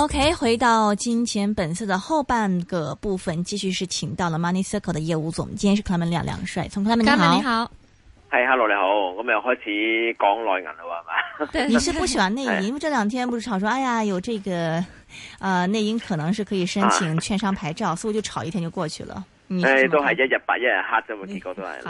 OK，回到《金錢本色》的後半個部分，繼續是請到了 Money Circle 的業務總監，今天是 Clement 兩兩帥，從 Clement。你好，Carmen, 你好 hey,，Hello，你好，今日又開始講內銀啦，係嘛？對 你是不喜歡內銀， 因為這兩天不是炒，說，哎呀，有這個，呃，內銀可能是可以申請券商牌照，啊、所以我就炒一天就過去了。誒，hey, 都係一日白一日黑啫，結果都係。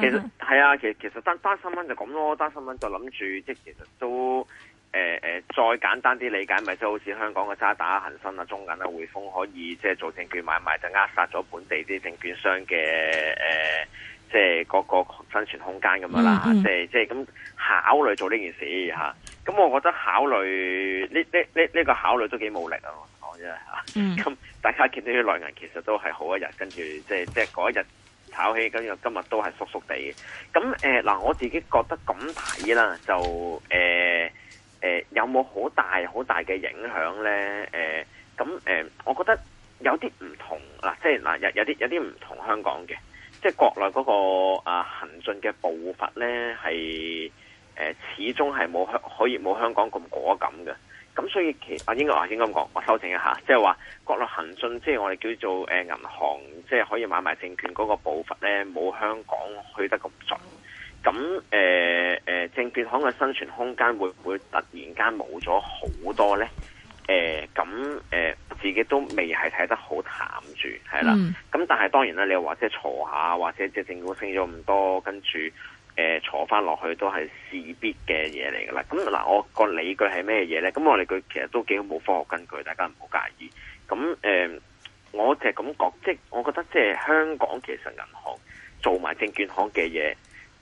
其實，係啊，其其實單單新聞就咁咯，單新聞就諗住，即其實都。誒誒、呃，再簡單啲理解，咪、就、即、是、好似香港嘅渣打、恒生啊、中銀啊、匯豐可以即係、就是、做證券買賣，就扼殺咗本地啲證券商嘅誒，即係個個生存空間咁樣啦。即係即係咁考慮做呢件事咁、啊、我覺得考慮呢呢呢呢個考慮都幾冇力我啊！講真嚇，咁大家見到啲內銀其實都係好一日，跟住即係即係嗰一日炒起，跟住今日都係熟熟地嘅。咁誒嗱，我自己覺得咁睇啦，就誒。呃誒、呃、有冇好大好大嘅影響呢？誒咁誒，我覺得有啲唔同嗱，即係嗱有有啲有啲唔同香港嘅，即係國內嗰、那個啊行進嘅步伐呢，係誒、呃、始終係冇香可以冇香港咁果敢嘅。咁所以其啊應該話應該咁講，我修正一下，即係話國內行進，即係我哋叫做銀行，即係可以買賣證券嗰個步伐呢，冇香港去得咁盡。咁誒誒，證券行嘅生存空間會唔會突然間冇咗好多咧？誒、呃，咁、呃、誒，自己都未係睇得好淡住係啦。咁、嗯、但係當然啦，你又話即係坐下，或者即係正股升咗咁多，跟住誒、呃、坐翻落去都係勢必嘅嘢嚟噶啦。咁嗱，我個理據係咩嘢咧？咁我哋佢其實都幾好冇科學根據，大家唔好介意。咁誒、呃，我就咁講，即我覺得即係香港其實銀行做埋證券行嘅嘢。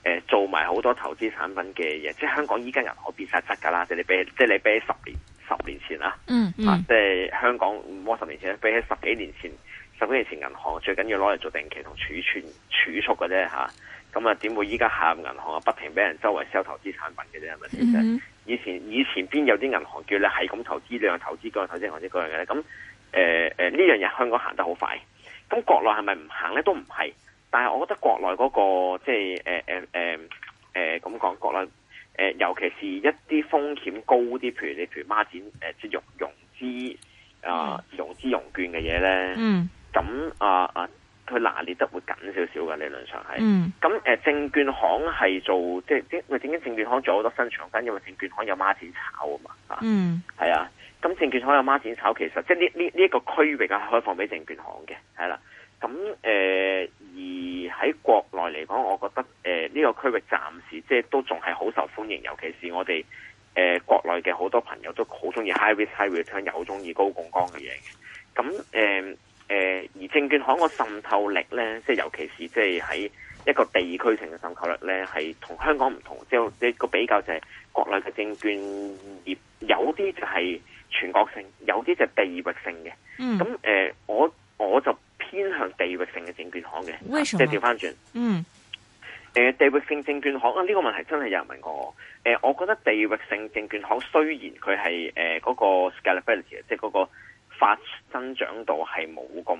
誒，做埋好多投資產品嘅嘢，即係香港依家銀行變晒質㗎啦！即係你俾，即係你俾十年、十年前啦、嗯嗯啊，即係香港摸十年前，俾起十幾年前、十幾年前銀行最緊要攞嚟做定期同儲存儲蓄嘅啫吓，咁啊點會依家下入銀行啊不停俾人周圍 sell 投資產品嘅啫？係咪先？以前以前邊有啲銀行叫你係咁投資呢樣、投資嗰樣、投資嗰樣、投資嗰樣嘅咧？咁誒誒呢樣嘢香港行得好快，咁國內係咪唔行咧？都唔係。但係，我覺得國內嗰、那個即係誒誒誒誒咁講國內。誒、呃呃呃呃呃，尤其是一啲風險高啲，譬如你譬如孖展誒，即係融融資啊，融資融，、呃、融，融券嘅嘢咧。嗯。咁啊啊，佢、呃、拿捏得會緊少少嘅，理論上係。嗯。咁誒、呃，證券行係做即係點？點解證，證券行做好多新場間？因為證券行有孖展炒啊嘛。啊嗯。係啊，咁證券行有孖展炒，其實即係呢呢呢一個區域啊，係開放俾證券行嘅，係啦、啊。咁誒、呃，而喺國內嚟講，我覺得誒呢、呃這個區域暫時即都仲係好受歡迎，尤其是我哋誒、呃、國內嘅好多朋友都好中意 high risk high return，又中意高槓桿嘅嘢。咁誒、呃呃、而證券行個滲透力咧，即係尤其是即係喺一個地區性嘅滲透率咧，係同香港唔同，即係個比較就係國內嘅證券業有啲就係全國性，有啲就係地域性嘅。嗯。即係調翻轉，啊、嗯，誒，地域性證券行啊，呢、這個問題真係有人問過我，誒、啊，我覺得地域性證券行雖然佢係誒嗰個 scalability，即係嗰個發增長度係冇咁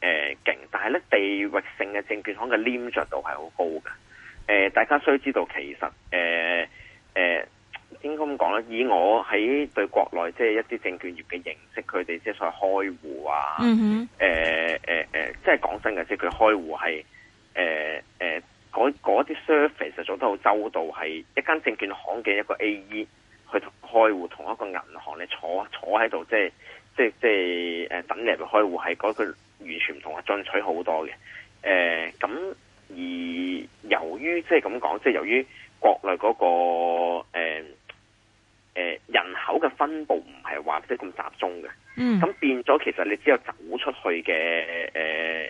誒勁，但係咧，地域性嘅證券行嘅黏着度係好高嘅。誒、啊，大家需知道其實誒誒。啊啊應該咁講啦，以我喺對國內即係一啲證券業嘅認識，佢哋即係所謂開戶啊，誒即係講真㗎，即係佢開戶係誒誒，嗰啲 service 實做得好周到，係一間證券行嘅一個 A E 去開戶，同一個銀行嚟坐喺度，即係即即係、呃、等你去開戶，係嗰個完全唔同啊，進取好多嘅。咁、呃、而由於即係咁講，即係由於國內嗰、嗰個誒。呃人口嘅分布唔係話即係咁集中嘅，咁、嗯、變咗其實你只有走出去嘅，誒、呃、誒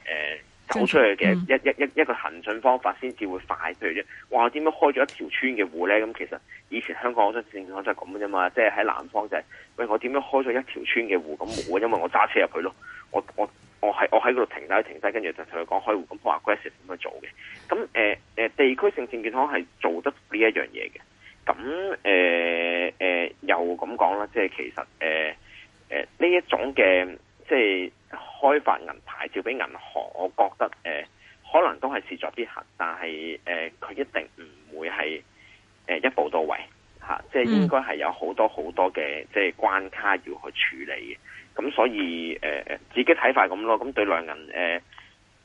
走出去嘅一、嗯、一一一個行進方法先至會快，譬如啫，哇，點樣開咗一條村嘅戶呢？咁其實以前香港嗰張證券行就係咁啫嘛，即係喺南方就係、是，喂，我點樣開咗一條村嘅戶咁冇啊？因為我揸車入去咯，我我我喺我喺嗰度停低停低，跟住就同佢講開戶咁，話 graceful 咁去做嘅，咁誒誒，地區性證券行係做得呢一樣嘢嘅，咁。即係其實誒誒呢一種嘅即係開發銀牌照俾銀行，我覺得誒、呃、可能都係勢在必行，但係誒佢一定唔會係誒、呃、一步到位吓，即係應該係有好多好多嘅即係關卡要去處理嘅，咁所以誒、呃、自己睇法咁咯，咁對內銀誒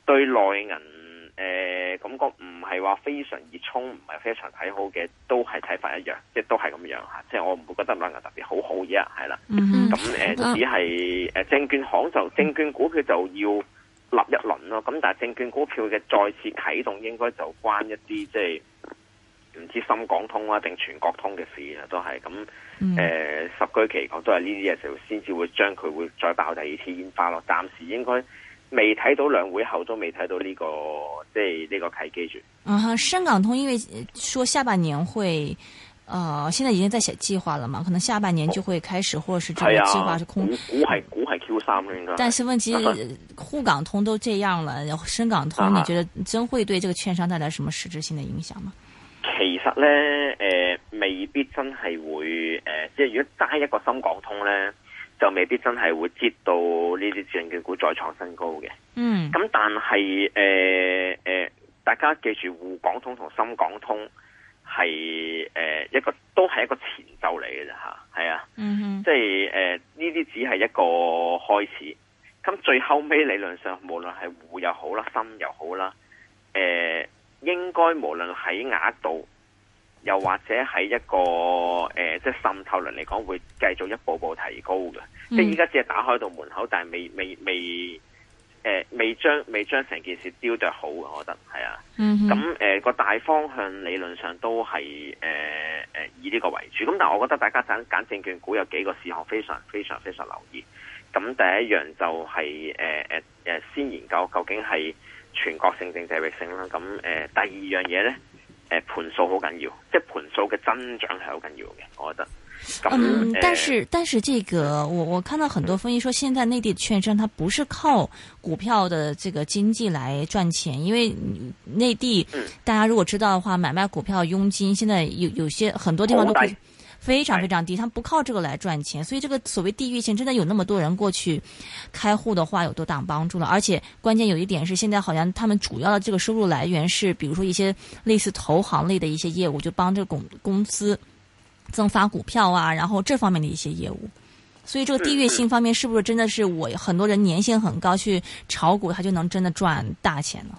對內銀誒。呃感覺唔係話非常熱衷，唔係非常睇好嘅，都係睇法一樣，即係都係咁樣吓，即係我唔會覺得兩個特別好好嘅係啦。咁誒，只係誒、呃，證券行就證券股票就要立一輪咯。咁但係證券股票嘅再次啟動，應該就關一啲即係唔知深港通啊定全國通嘅事啊，都係咁。誒，十、呃 mm hmm. 居其講都係呢啲嘢，就先至會將佢會再爆第二次煙花咯。暫時應該。未睇到兩會後都未睇到呢、這個即係呢個契機、這個、住。啊、嗯，深港通因為說下半年會，呃，現在已經在寫計劃了嘛，可能下半年就會開始，或者是這個計劃是空。股股係股係 Q 三啦應該。但是問題，滬、嗯、哼港通都這樣了，深港通你覺得真會對這個券商帶來什麼實質性的影響嗎？其實呢誒、呃，未必真係會，誒、呃，即係如果揸一個深港通呢就未必真係會接到呢啲證券股再創新高嘅。嗯，咁但係誒誒，大家記住，滬港通同深港通係誒一個都係一個前奏嚟嘅啫吓，係啊。嗯、哼即係誒呢啲只係一個開始，咁最後尾理論上，無論係滬又好啦，深又好啦，誒、呃，應該無論喺額度。又或者喺一個、呃、即係滲透率嚟講，會繼續一步步提高嘅。即係依家只係打開到門口，但係未未未、呃、未將未將成件事雕琢好，我覺得係啊。咁個、嗯哼呃、大方向理論上都係誒、呃呃、以呢個為主。咁但係我覺得大家揀揀證券股有幾個事項，非常非常非常留意。咁第一樣就係、是、誒、呃呃、先研究究竟係全國性定地域性啦。咁誒、呃、第二樣嘢咧。盤數好緊要，即係盤數嘅增長係好緊要嘅，我覺得。嗯，但是、呃、但是，這個我我看到很多分析說，現在內地券商，它不是靠股票的這個經紀來賺錢，因為內地、嗯、大家如果知道嘅話，買賣股票佣金現在有有些很多地方都可以。非常非常低，他們不靠這個來賺錢，所以這個所謂地域性真的有那麼多人過去開戶的話，有多大幫助了？而且關鍵有一點是，現在好像他們主要的這個收入來源是，比如說一些類似投行類的一些業務，就幫這公公司增發股票啊，然後這方面的一些業務。所以這個地域性方面是不是真的是我很多人年薪很高去炒股，他就能真的賺大錢呢？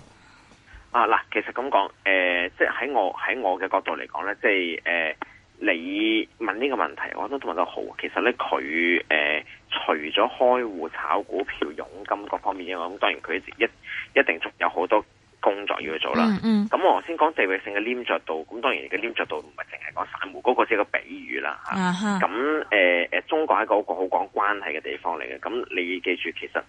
啊，嗱，其實咁講，誒、呃，即係喺我喺我嘅角度嚟講呢，即係誒。呃你問呢個問題，我都同問得好。其實咧，佢誒、呃、除咗開戶炒股票、佣金各方面咧，咁當然佢一一定有好多工作要去做啦。咁嗯嗯我先講地域性嘅黏着度，咁當然嘅黏着度唔係淨係講散戶，嗰、那個只係個比喻啦嚇。咁誒誒，中國係一個好講關係嘅地方嚟嘅。咁你記住，其實誒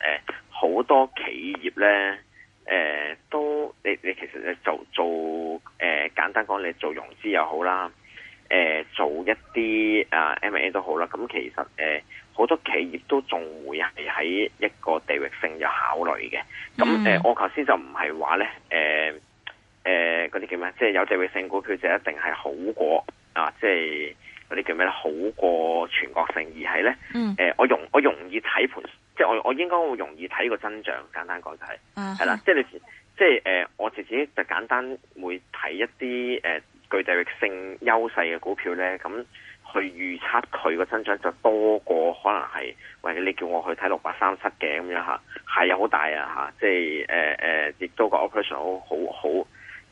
好、呃、多企業咧，誒、呃、都你你其實誒做做誒、呃、簡單講，你做融資又好啦。誒、呃，做一啲啊、呃、M&A 都好啦。咁其實誒，好、呃、多企業都仲會係喺一個地域性有考慮嘅。咁誒、呃 mm. 呃，我頭先就唔係話咧，誒、呃、誒，嗰、呃、啲叫咩？即係有地域性股票就一定係好過啊，即係嗰啲叫咩好過全國性，而係咧，誒、mm. 呃，我容我容易睇盤，即係我我應該會容易睇個增長。簡單講就係，係啦、uh huh.，即係你，即係誒、呃，我自己就簡單會睇一啲誒。呃具地域性優勢嘅股票呢，咁去預測佢個增長就多過可能係或者你叫我去睇六百三七嘅咁樣嚇，係又好大啊嚇！即係誒誒，亦都、呃、個 operation 好好好，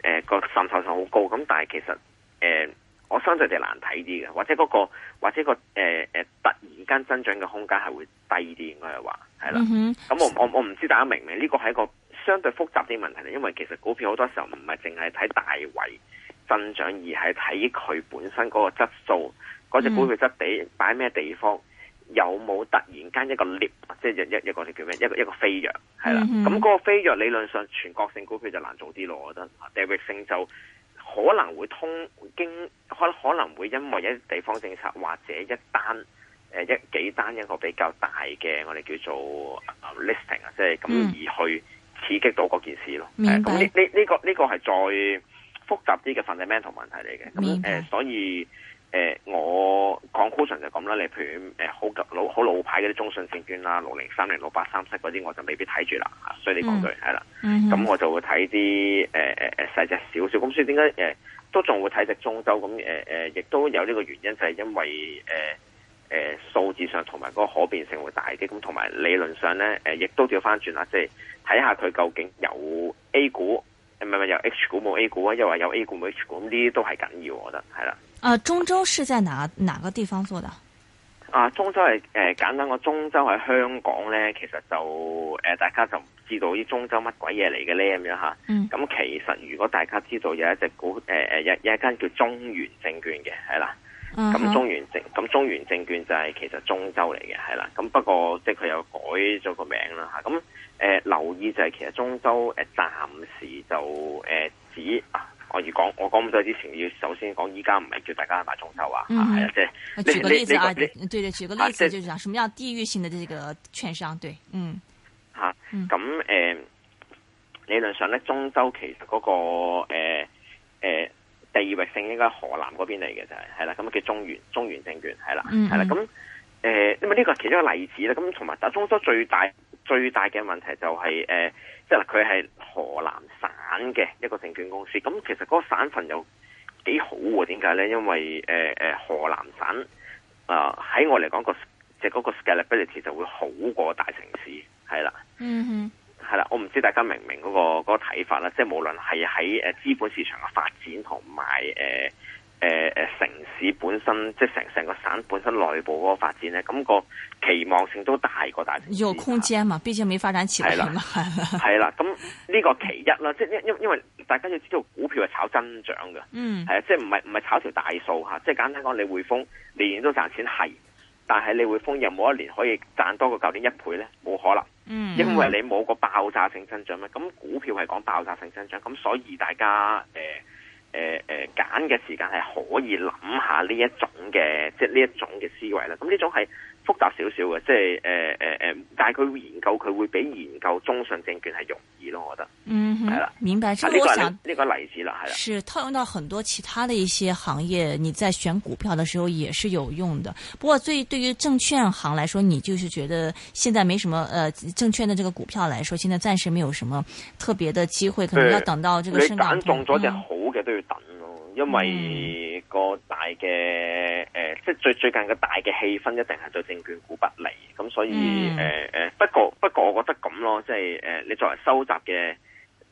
誒個滲透性好高。咁但係其實誒、呃，我相對地難睇啲嘅，或者嗰、嗰個或者、嗰個誒誒、呃，突然間增長嘅空間係會低啲，應該係話係啦。咁、嗯、哼我我我唔知大家明唔明？呢、這個係一個相對複雜啲問題嚟，因為其實股票好多時候唔係淨係睇大位。增長而係睇佢本身嗰個質素，嗰、那、隻、個、股票質地擺咩、嗯、地方，有冇突然間一個 leap，即係一一個叫咩，一個，一個，一，個一個飛躍，係啦。咁嗰、嗯嗯、個飛躍理論上全國性股票就難做啲咯，我覺得。地域性就可能會通經可可能會因為一啲地方政策或者一單誒一幾單一個比較大嘅我哋叫做 listing 啊，即係咁而去刺激到嗰件事咯。咁呢呢呢個呢、這個係再。複雜啲嘅 fundamental 問題嚟嘅，咁誒白、呃，所以誒、呃，我講 conclusion 就咁啦。你譬如誒，好、呃、老好老牌嗰啲中信證券啦，六零、三零、六八、三七嗰啲，我就未必睇住啦。吓，所以你講對係啦。咁我就會睇啲誒誒誒細隻少少公司。點解誒都仲會睇隻中周？咁誒誒，亦、呃、都有呢個原因，就係、是、因為誒誒數字上同埋嗰個可變性會大啲。咁同埋理論上咧，誒、呃，亦都調翻轉啦，即係睇下佢究竟有 A 股。係咪有 H 股冇 A 股啊，又話有 A 股冇 H 股，呢啲都係緊要，我覺得係啦。啊，中州是在哪哪個地方做的？啊，中州係誒、呃，簡單個中州喺香港咧，其實就誒、呃，大家就唔知道啲中州乜鬼嘢嚟嘅咧，咁樣吓。嗯。咁、啊、其實如果大家知道有一隻股，誒、呃、誒、呃，有有一間叫中原證券嘅，係啦。咁、uh huh. 中原證咁中原證券就係其實中州嚟嘅，係啦，咁不過即係佢又改咗個名啦吓，咁誒、呃、留意就係其實中州誒暫、呃、時就誒、呃、指，啊、我要講我講咁多之前要首先講，依家唔係叫大家買中州、uh huh. 啊，係啊，即係舉個例子啊，說對，對對，舉個例子就係講什麼叫地域性嘅呢個券商，啊、對，啊、嗯，吓、啊，咁誒、呃、理論上咧中州其實嗰、那個誒誒。呃呃地域性應該係河南嗰邊嚟嘅就係，係啦，咁啊叫中原，中原證券係啦，係啦，咁誒、嗯哼呃，因為呢個係其中一個例子啦，咁同埋但中州最大最大嘅問題就係、是、誒、呃，即係佢係河南省嘅一個證券公司，咁其實嗰個省份又幾好喎，點解咧？因為誒誒、呃、河南省啊喺、呃、我嚟講、嗰個即係嗰個 scalability 就會好過大城市，係啦。嗯哼。係啦，我唔知大家明唔明嗰個嗰個睇法啦，即係無論係喺誒資本市場嘅發展同埋誒誒誒城市本身，即係成成個省本身內部嗰個發展咧，咁個期望性都大過大。有空間嘛，畢竟沒發展起嚟嘛。係啦，咁呢個其一啦，即係因因因為大家要知道，股票係炒增長嘅，嗯，係啊，即係唔係唔係炒條大數吓，即係簡單講，你匯豐年年都賺錢係。但係你會封入冇一年可以賺多個舊年一倍呢？冇可能，因為你冇個爆炸性增長嘛，咁股票係講爆炸性增長，咁所以大家誒。呃誒誒，揀嘅、呃呃、時間係可以諗下呢一種嘅，即係呢一種嘅思維啦。咁、嗯、呢種係複雜少少嘅，即係誒誒誒，但係佢會研究佢會比研究中信證券係容易咯，我覺得。嗯哼，係啦的，明白。所以我想呢個例子啦，係啦，是，是套用到很多其他的一些行業，你在選股票的時候也是有用的。不過最對於證券行來說，你就是覺得現在沒什麼，誒、呃，證券的這個股票來說，現在暫時沒有什麼特別的機會，可能要等到這個。你揀中咗隻好。都要等咯，因為個大嘅誒、呃，即係最最近嘅大嘅氣氛一定係對證券股不利，咁所以誒誒、嗯呃，不過不過我覺得咁咯，即係誒、呃，你作為收集嘅，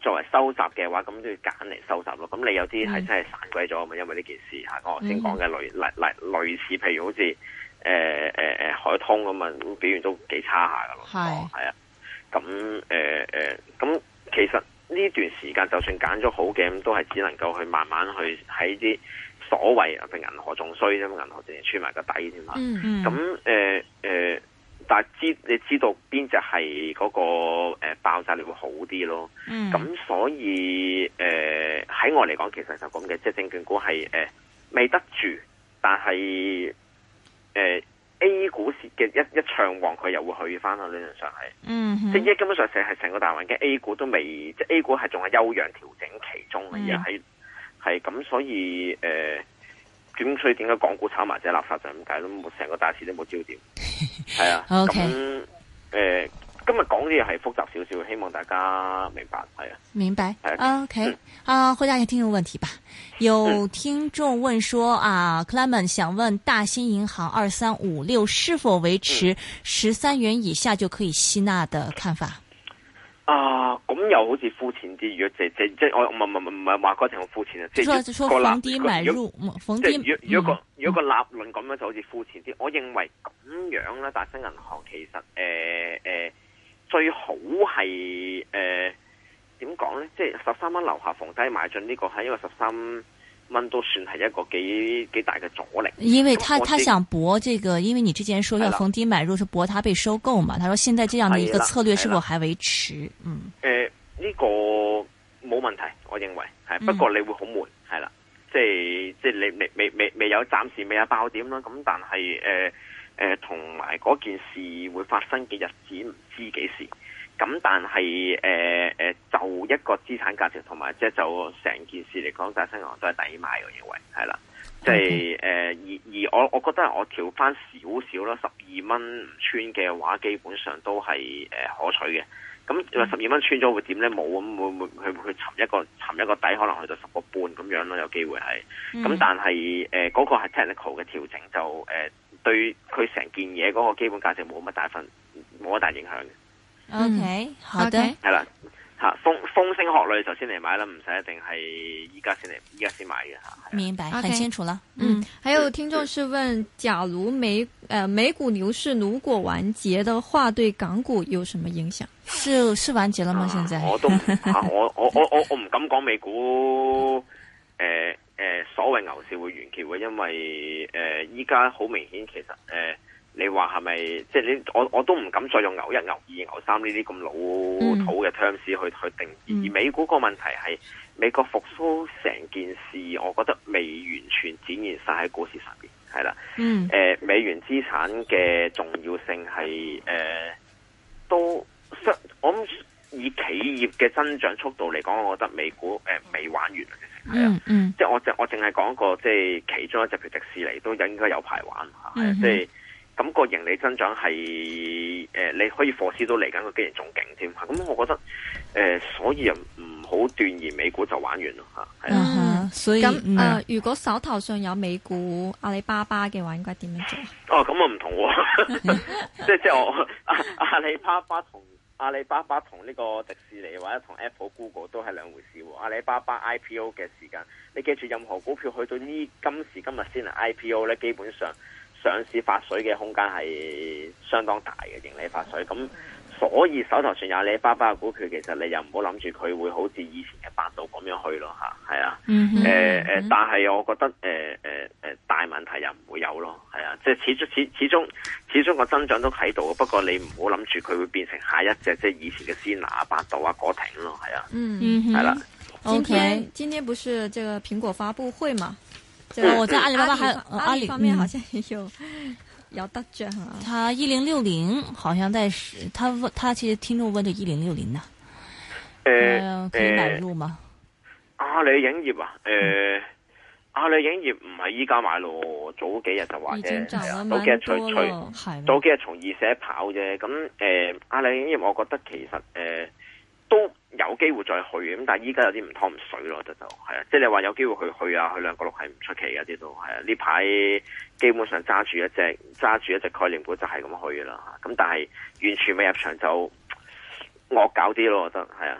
作為收集嘅話，咁都要揀嚟收集咯。咁你有啲係真係散鬼咗嘛，是因為呢件事吓我頭先講嘅類類類，類似，譬如好似誒誒誒海通咁樣，表現都幾差下噶咯，係是、哦、啊，咁誒誒，咁、呃呃嗯、其實。呢段時間就算揀咗好嘅，咁都係只能夠去慢慢去喺啲所謂啊，譬如銀行仲衰啫嘛，銀行淨係穿埋個底先嘛。咁誒誒，但係知你知道邊隻係嗰個、那個呃、爆炸力會好啲咯？咁、mm hmm. 所以誒，喺、呃、我嚟講，其實是這樣的就咁嘅，即係證券股係誒未得住，但係誒。呃 A 股市嘅一一唱旺，佢又會去翻咯。理論上係，即係根本上成係成個大環境，A 股都未，即係 A 股係仲係休養調整其中嘅，嘢、嗯。係係咁，所以誒，咁所以點解港股炒埋隻垃圾就咁解咧？成個大市都冇焦點，係 啊。O Okay . K。誒、呃。今日講啲嘢係複雜少少，希望大家明白，係啊，明白，係 OK，啊，回答下聽眾問題吧。有聽眾問說、嗯、啊 Clement 想問大新銀行二三五六是否維持十三元以下就可以吸納的看法？嗯、啊，咁、嗯嗯啊、又好似膚淺啲，如果即即即我唔唔唔唔係話嗰陣好膚淺啊，即即如逢低買入，如果如果個如果個立論咁樣就好似膚淺啲。嗯、我認為咁樣咧，大新銀行其實誒誒。呃呃最好係誒，點、呃、講呢即係十三蚊樓下逢低買進呢、這個，係因為十三蚊都算係一個幾幾大嘅阻力。因為他、嗯、他，他想搏這個，因為你之前說要逢低買入是搏的它被收購嘛。他說現在這樣的一個策略是否還維持？誒，呢、嗯呃這個冇問題，我認為係。不過你會好悶，係啦、嗯，即係即係你未，未，未，未有暫時未有爆點啦。咁但係誒。呃誒同埋嗰件事會發生嘅日子唔知幾時，咁但係誒、呃呃、就一個資產價值同埋即係就成件事嚟講，大新行都係抵買，我認為係啦。即係誒而而我我覺得我調返少少囉，十二蚊唔穿嘅話，基本上都係、呃、可取嘅。咁如果十二蚊穿咗會點咧？冇，咁會唔會去沉一個沉一個底，可能去到十個半咁樣咯，有機會係。咁但係誒嗰個係 technical 嘅調整就誒。呃對佢成件嘢嗰個基本價值冇乜大分，冇乜大影響嘅。OK，好的，係啦 Okay, Okay.，吓風風聲鶴唳就先嚟買啦，唔使一定係依家先嚟，依家先買嘅吓。的明白，很清楚啦。嗯，還有聽眾是問，假如美誒、呃、美股牛市如果完結的話，對港股有什麼影響？是是完結了嗎？現在、啊、我都不、啊、我我我我唔敢講美股誒。呃誒，所謂牛市會完結，會因為誒，依家好明顯，其實誒、呃，你話係咪？即係你，我我都唔敢再用牛一、牛二、嗯、牛三呢啲咁老土嘅 terms 去去定義。嗯、而美股個問題係，美國復甦成件事，我覺得未完全展現晒喺股市上邊，係啦。嗯，誒、呃，美元資產嘅重要性係誒、呃，都相，我唔。以企業嘅增長速度嚟講，我覺得美股誒未、呃、玩完嘅情況，即係我只我淨係講過，即係其中一隻譬如迪士尼都應該有排玩嚇，啊啊嗯、哼即係咁、那個盈利增長係誒、呃、你可以霍斯到嚟緊個基業仲勁添嚇，咁、啊、我覺得誒、呃、所以唔好斷言美股就玩完啦嚇，係啊、嗯，所以、嗯呃、啊如果手頭上有美股阿里巴巴嘅話應該點樣做？哦咁我唔同喎， 即係即係我、啊、阿里巴巴同。阿里巴巴同呢個迪士尼或者同 Apple、Google 都係兩回事喎啊。阿里巴巴 IPO 嘅時間，你記住，任何股票去到呢今時今日先係 IPO 呢，基本上上市發水嘅空間係相當大嘅盈利發水咁。所以手頭上有阿里巴巴股票，其實你又唔好諗住佢會好似以前嘅百度咁樣去咯吓，係啊，誒誒，但係我覺得誒誒誒，大問題又唔會有咯，係啊，即係始終始始終始終個增長都喺度，不過你唔好諗住佢會變成下一隻即係以前嘅鮮拿啊百度啊嗰停咯，係啊，嗯，係啦，今天不是這個蘋果發布會嘛，即係我在阿里巴巴阿阿里方面好像有。嗯有得着係、啊、他一零六零，好像在，他問他其實聽眾問就一零六零啦。誒、呃，呃、可以買入嗎？阿里、呃啊、影業啊，誒、呃，阿里、嗯啊、影業唔係依家買咯，早幾日就話嘅，都驚早幾日從二寫跑啫。咁誒嗎，阿里、啊、影業，我覺得其實誒、呃、都。有機會再去咁，但係依家有啲唔湯唔水咯，就就係啊，即係你話有機會去去啊，去兩個六係唔出奇嘅，啲都係啊。呢排基本上揸住一隻揸住一隻概念股就係咁去嘅啦，咁但係完全未入場就惡搞啲咯，我覺得係啊。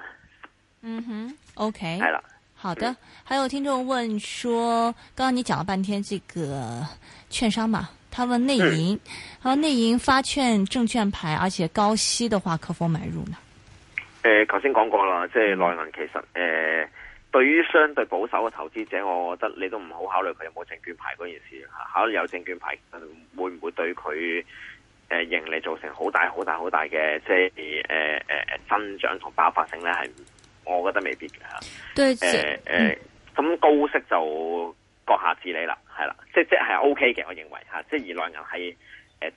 嗯哼，OK，係啦，的好的。嗯、還有聽眾問說，剛剛你講了半天這個券商嘛，他問內銀，嗯、好內銀發券證券牌，而且高息的話，可否買入呢？誒，頭先講過啦，即係內銀其實誒、呃，對於相對保守嘅投資者，我覺得你都唔好考慮佢有冇證券牌嗰件事，考慮有證券牌會唔會對佢誒、呃、盈利造成好大好大好大嘅即係誒誒增長同爆發性咧？係我覺得未必嘅吓，對，誒誒、呃，咁、嗯呃、高息就閣下治理啦，係啦，即即係 O K 嘅，我認為吓，即係而內銀係。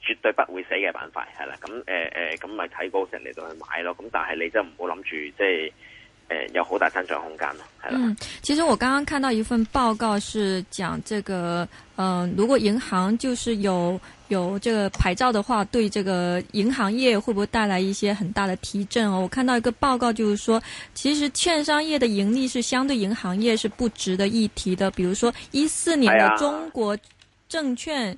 絕對不會死嘅板塊係啦，咁誒誒，咁咪睇高升你到去買咯，咁但係你就唔好諗住，即係誒有好大增長空間咯，係啦，嗯。嗯，其實我剛剛看到一份報告是講，這個，嗯，如果銀行就是有有這個牌照的話，對這個銀行業會不會帶來一些很大的提振哦？我看到一個報告就是說，其實券商業的盈利是相對銀行業是不值得一提的，比如說一四年的中國證券。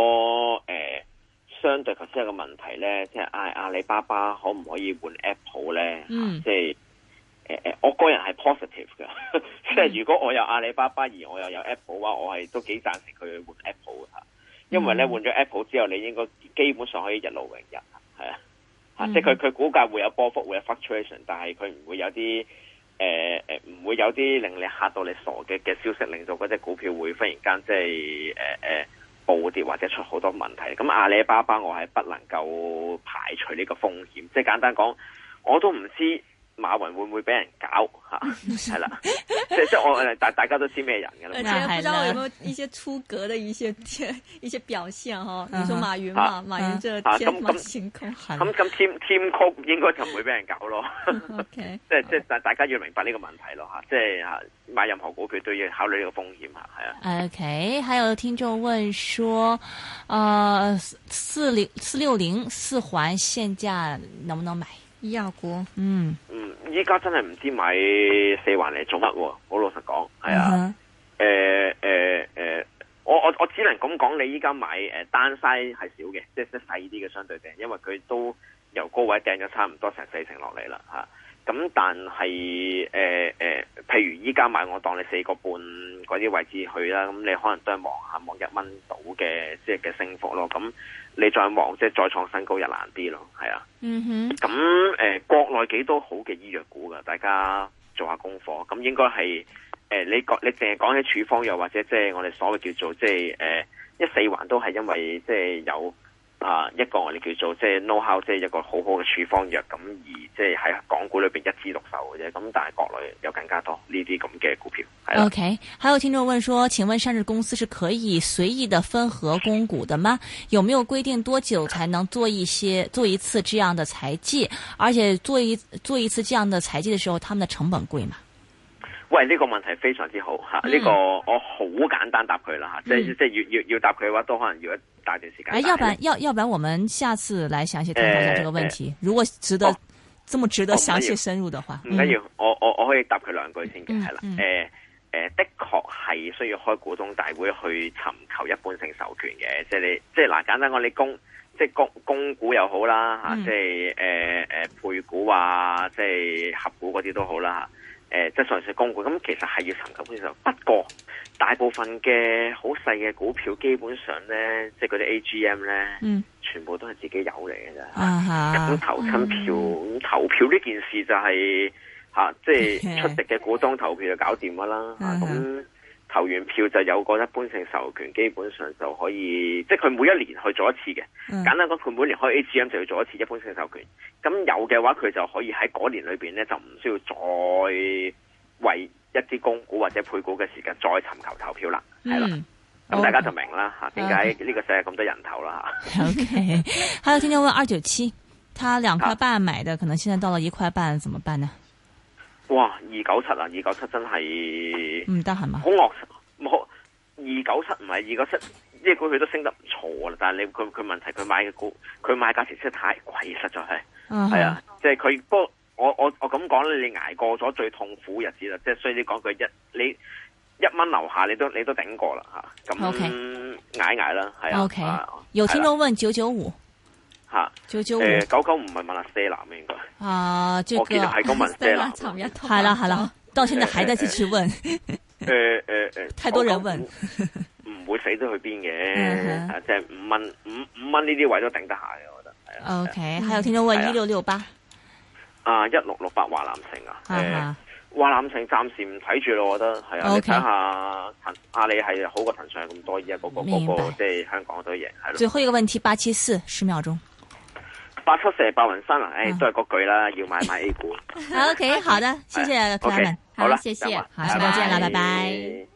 我誒、呃，相對頭先有個問題咧，即係嗌阿里巴巴可唔可以換 Apple 咧？即係誒誒，我個人係 positive 噶，即 係、嗯、如果我有阿里巴巴而我又有 Apple 嘅話，我係都幾贊成佢去換 Apple 啊。因為咧換咗 Apple 之後，你應該基本上可以一勞永逸係啊，吓、嗯啊，即係佢佢股價會有波幅會有 fluctuation 但係佢唔會有啲誒誒，唔、呃、會有啲令你吓到你傻嘅嘅消息令到嗰隻股票會忽然間即係誒誒。呃呃暴跌或者出好多問題，咁阿里巴巴我係不能夠排除呢個風險，即係簡單講，我都唔知。馬雲會唔會俾人搞吓？係啦，即即我大大家都知咩人噶啦。而且不知道有冇一些出格嘅一些一些表現嗬，你說馬雲嘛，馬雲這天馬行空。咁咁天天曲應該就唔會俾人搞咯。即即大大家要明白呢個問題咯吓，即吓買任何股票都要考慮呢個風險吓，係啊。OK，還有聽眾問說，誒，四零四六零四環現價能不能買？醫藥股，嗯，嗯，依家真係唔知買四環嚟做乜，啊，好老實講，係啊，誒誒誒，我我我只能咁講，你依家買誒單 size 係少嘅，即係啲細啲嘅相對性，因為佢都由高位掟咗差唔多成四成落嚟啦，吓，啊。咁但係誒誒，譬如依家買，我當你四個半嗰啲位置去啦，咁你可能都係望下望一蚊到嘅即係嘅升幅咯。咁你再望即係再創新高又難啲咯，係啊。嗯哼、mm。咁、hmm。誒、呃，國內幾多好嘅醫藥股噶？大家做下功課。咁應該係誒，你講，你淨係講起處方又或者即係我哋所謂叫做即係誒，一四環都係因為即係、就是、有。啊，一個我哋叫做即係 know how，即係一個好好嘅處方藥，咁而即係喺港股裏邊一枝獨秀嘅啫。咁但係國內有更加多呢啲咁嘅股票。OK，還有聽眾問說：請問上市公司是可以隨意的分合供股的嗎？有沒有規定多久才能做一些做一次這樣的財技？而且做一做一次這樣的財技的時候，他們的成本貴嗎？喂，呢個問題非常之好嚇，呢個我好簡單答佢啦嚇，即係即係要要要答佢嘅話，都可能要一大段時間。哎，要不然，要要不然，我們下次來詳細討論下這個問題，如果值得，這麼值得詳細深入的話。唔緊要，我我我可以答佢兩句先，嘅。係啦，誒誒，的確係需要開股東大會去尋求一般性授權嘅，即係你，即係嗱，簡單講，你供即係供供股又好啦嚇，即係誒誒配股啊，即係合股嗰啲都好啦嚇。誒，即係、呃、上市公司，咁其實係要尋求，非常。不過，大部分嘅好細嘅股票，基本上咧，即係嗰啲 AGM 咧，嗯、全部都係自己有嚟嘅咋。咁、啊、哈投親票，咁、嗯、投票呢件事就係、是、嚇、啊，即係出席嘅股東投票就搞掂啦。嚇、啊、咁。啊哈啊嗯投完票就有一個一般性授權，基本上就可以，即係佢每一年去做一次嘅。嗯、簡單講，佢每年開 AGM 就要做一次一般性授權。咁有嘅話，佢就可以喺嗰年裏面咧，就唔需要再為一啲供股或者配股嘅時間再尋求投票啦。係啦、嗯，咁大家就明啦嚇。點解呢個世界咁多人頭啦嚇、啊、 ？OK，還有聽聽問二九七，他兩塊半買的，啊、可能現在到了一塊半，怎麼辦呢？哇！二九七啊，二九七真係唔得係嘛，好惡！冇二九七唔係二九七，呢股佢都升得唔錯啦，但係你佢佢問題佢買嘅股，佢買價錢其實太貴，實在係係、嗯、哼啊，即係佢不過我我我咁講你挨過咗最痛苦日子啦，即、就、係、是、所以你講句一你一蚊樓下你都你都頂過啦吓，咁挨一挨啦，係啊。嗯、OK、啊、OK、啊、有聽到問九九五吓，九九五九九五唔係馬來西亞咩應該？啊！記得係個問題，係啦係啦，到現在還在繼續問。誒誒誒，太多人問，唔會死得去邊嘅，即係五蚊五五蚊呢啲位都頂得下嘅，我覺得係啊。OK，還有聽眾問一六六八。啊，一六六八華南城啊，啊。華南城暫時唔睇住咯，我覺得係啊。你睇下，阿里係好過騰訊咁多，而家個個即係香港都贏。最後一個問題，八七四，十秒鐘。八出射白雲山、哎、啊！誒、都係嗰句啦，要買買 A 股。O、okay, K，、啊、好的，謝謝各位，好啦，謝謝，okay, okay, 啊、好，下次再見啦，bye bye 拜拜。